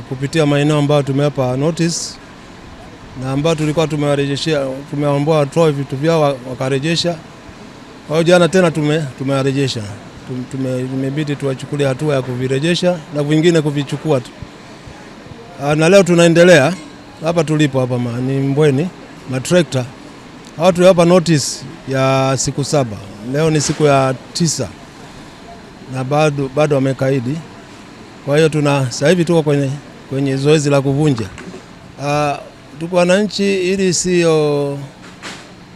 kupitia maeneo ambayo tumewapa notice na ambayo tulikuwa tumewarejeshea, tumewaomba watoe vitu vyao wakarejesha. Kwa hiyo jana tena tumewarejesha, tumebidi tuwachukulie hatua ya kuvirejesha na vingine kuvichukua tu. Ah, na leo tunaendelea hapa tulipo hapa ni Mbweni matrekta hawa tuliwapa notice ya siku saba, leo ni siku ya tisa na bado bado wamekaidi. Kwa hiyo tuna sasa hivi tuko kwenye, kwenye zoezi la kuvunja uh, tuko wananchi, ili sio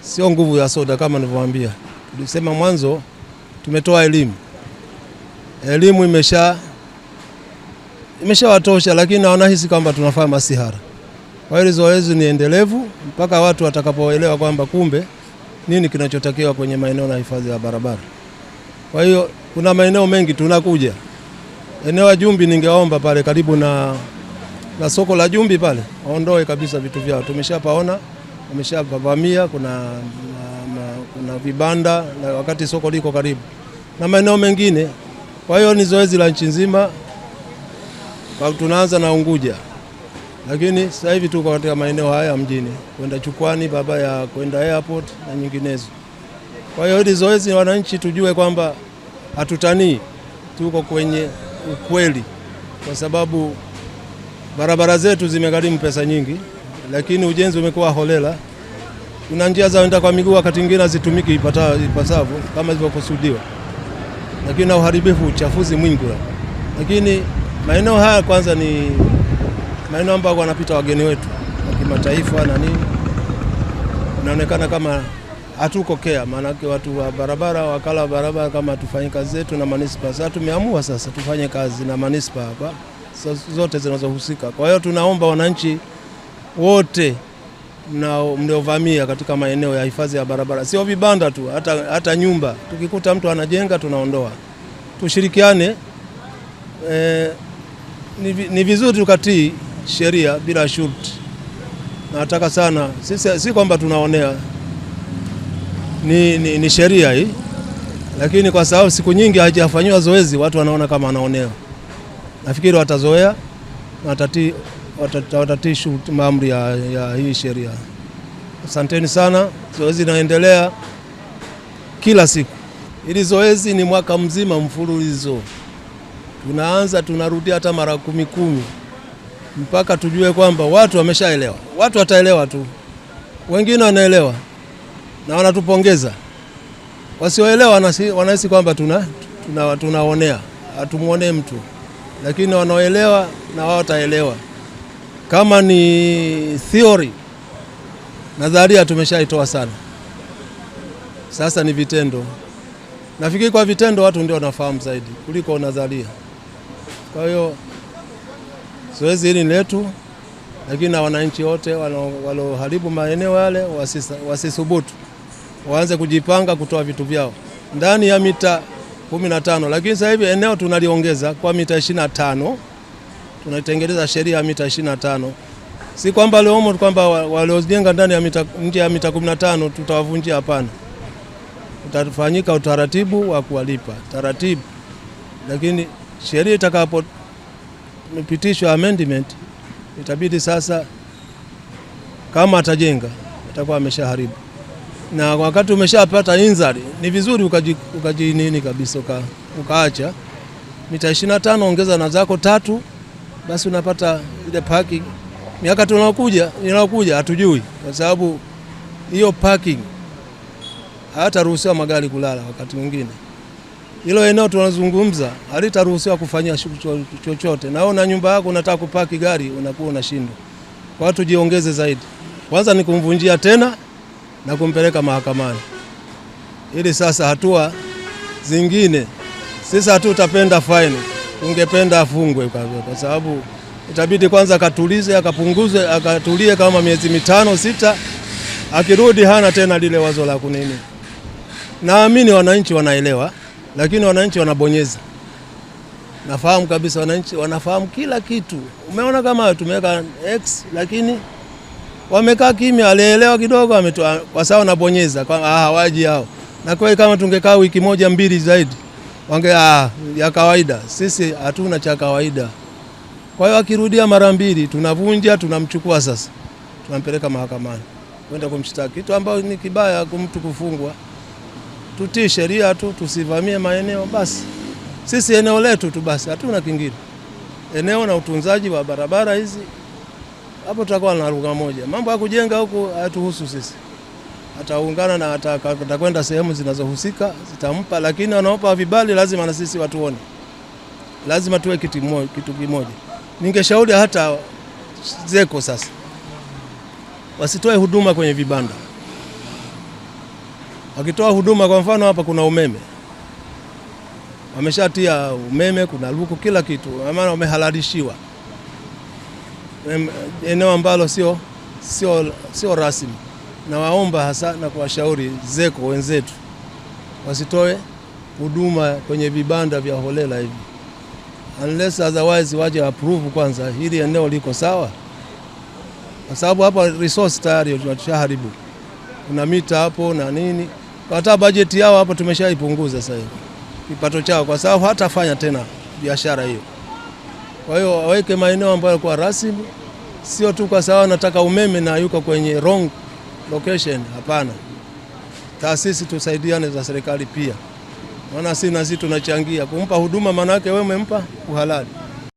sio nguvu ya soda kama nilivyowaambia. Tulisema mwanzo tumetoa elimu, elimu imesha imeshawatosha, lakini wanahisi kwamba tunafanya masihara. Kwa hiyo zoezi ni endelevu mpaka watu watakapoelewa kwamba kumbe nini kinachotakiwa kwenye maeneo na hifadhi ya barabara. Kwa hiyo kuna maeneo mengi tunakuja eneo la Jumbi ningeomba pale karibu na, na soko la Jumbi pale waondoe kabisa vitu vyao, tumeshapaona wameshapavamia. Kuna, na, kuna vibanda na wakati soko liko karibu na maeneo mengine. Kwa hiyo ni zoezi la nchi nzima, tunaanza na Unguja, lakini sasa hivi tuko katika maeneo haya mjini kwenda Chukwani, baba ya kwenda airport na nyinginezo. Kwa hiyo hili zoezi, wananchi tujue kwamba hatutanii, tuko kwenye ukweli, kwa sababu barabara zetu zimegharimu pesa nyingi, lakini ujenzi umekuwa holela. Kuna njia za wenda kwa miguu wakati mwingine hazitumiki ipasavyo kama ilivyokusudiwa, lakini na uharibifu, uchafuzi mwingi. Lakini maeneo haya kwanza ni maeneo ambayo wanapita wageni wetu wa kimataifa na nini, inaonekana kama hatuko kea, maanake watu wa barabara, wakala wa barabara, kama tufanye kazi zetu na manispa. Sasa tumeamua sasa tufanye kazi na manispa hapa zote zinazohusika. Kwa hiyo tunaomba wananchi wote mliovamia katika maeneo ya hifadhi ya barabara, sio vibanda tu, hata, hata nyumba tukikuta mtu anajenga tunaondoa, tushirikiane. E, ni, ni vizuri tukatii sheria bila shurti. Nataka sana sisi, si kwamba tunaonea ni, ni, ni sheria hii, lakini kwa sababu siku nyingi hajafanyiwa zoezi, watu wanaona kama anaonewa. Nafikiri watazoea watati, watati, watati maamri ya, ya hii sheria. Asanteni sana, zoezi linaendelea kila siku. Hili zoezi ni mwaka mzima mfululizo, tunaanza tunarudia hata mara kumi kumi mpaka tujue kwamba watu wameshaelewa. Watu wataelewa tu, wengine wanaelewa na wanatupongeza. Wasioelewa wanahisi kwamba tuna, tuna, tunaonea, hatumwonee mtu, lakini wanaoelewa na wao wataelewa. Kama ni theory, nadharia tumeshaitoa sana, sasa ni vitendo. Nafikiri kwa vitendo watu ndio wanafahamu zaidi kuliko nadharia. Kwa hiyo zoezi hili ni letu, lakini na wananchi wote walioharibu maeneo yale wasithubutu waanze kujipanga kutoa vitu vyao ndani ya mita 15, lakini sasa hivi eneo tunaliongeza kwa mita 25, Tunatengeneza sheria ya mita 25. Si kwamba leomo kwamba waliojenga ndani ya mita nje ya mita 15 tutawavunjia, hapana. Utafanyika utaratibu wa kuwalipa taratibu, lakini sheria mpitishwa amendment, itabidi sasa, kama atajenga atakuwa ameshaharibu na wakati umeshapata injury ni vizuri ukaji, ukaji nini kabisa uka, ukaacha mita 25 ongeza na zako tatu, basi unapata ile parking. Miaka tunaokuja inaokuja hatujui, kwa sababu hiyo parking hayataruhusiwa magari kulala. Wakati mwingine hilo eneo tunazungumza halitaruhusiwa kufanyia shughuli chochote, na una nyumba yako unataka kupaki gari unakuwa unashindwa. Kwa hiyo tujiongeze zaidi, kwanza ni kumvunjia tena na kumpeleka mahakamani ili sasa hatua zingine. Sisi utapenda faini, ungependa afungwe, kwa sababu itabidi kwanza akatulize, akapunguze, akatulie kama miezi mitano sita, akirudi hana tena lile wazo la kunini. Naamini wananchi wanaelewa, lakini wananchi wanabonyeza. Nafahamu kabisa wananchi wanafahamu kila kitu. Umeona kama tumeweka X lakini wamekaa kimya, alielewa kidogo, ametoa kwa sababu nabonyeza kwamba ah, waji hao. Na kweli kama tungekaa wiki moja mbili zaidi wange ah, ya kawaida. Sisi hatuna cha kawaida, kwa hiyo akirudia mara mbili tunavunja, tunamchukua sasa, tunampeleka mahakamani kwenda kumshtaki, kitu ambayo ni kibaya mtu kufungwa. Tutii sheria tu, tusivamie maeneo basi. Sisi eneo letu tu basi, hatuna kingine, eneo na utunzaji wa barabara hizi hapo tutakuwa na lugha moja. Mambo ya kujenga huku hayatuhusu sisi, ataungana na atakwenda sehemu zinazohusika zitampa, lakini wanaopa vibali lazima na sisi watuone, lazima tuwe kitu kimoja, kitu kimoja. Ningeshauri hata zeko sasa wasitoe huduma kwenye vibanda. Wakitoa huduma, kwa mfano hapa kuna umeme, wameshatia umeme, kuna luku, kila kitu, maana wamehalalishiwa eneo ambalo sio, sio, sio rasmi. Nawaomba hasa na kuwashauri zeko wenzetu wasitoe huduma kwenye vibanda vya holela hivi, unless otherwise waje approve kwanza hili eneo liko sawa, kwa sababu hapa resource tayari tunashaharibu, kuna mita hapo na nini. Hata bajeti yao hapo tumeshaipunguza sasa hivi kipato chao, kwa sababu hatafanya tena biashara hiyo. Kwa hiyo waweke maeneo ambayo kwa rasmi, sio tu kwa sababu nataka umeme na yuko kwenye wrong location. Hapana, taasisi tusaidiane za serikali pia, maana si nasi tunachangia kumpa huduma, maana yake wewe umempa uhalali.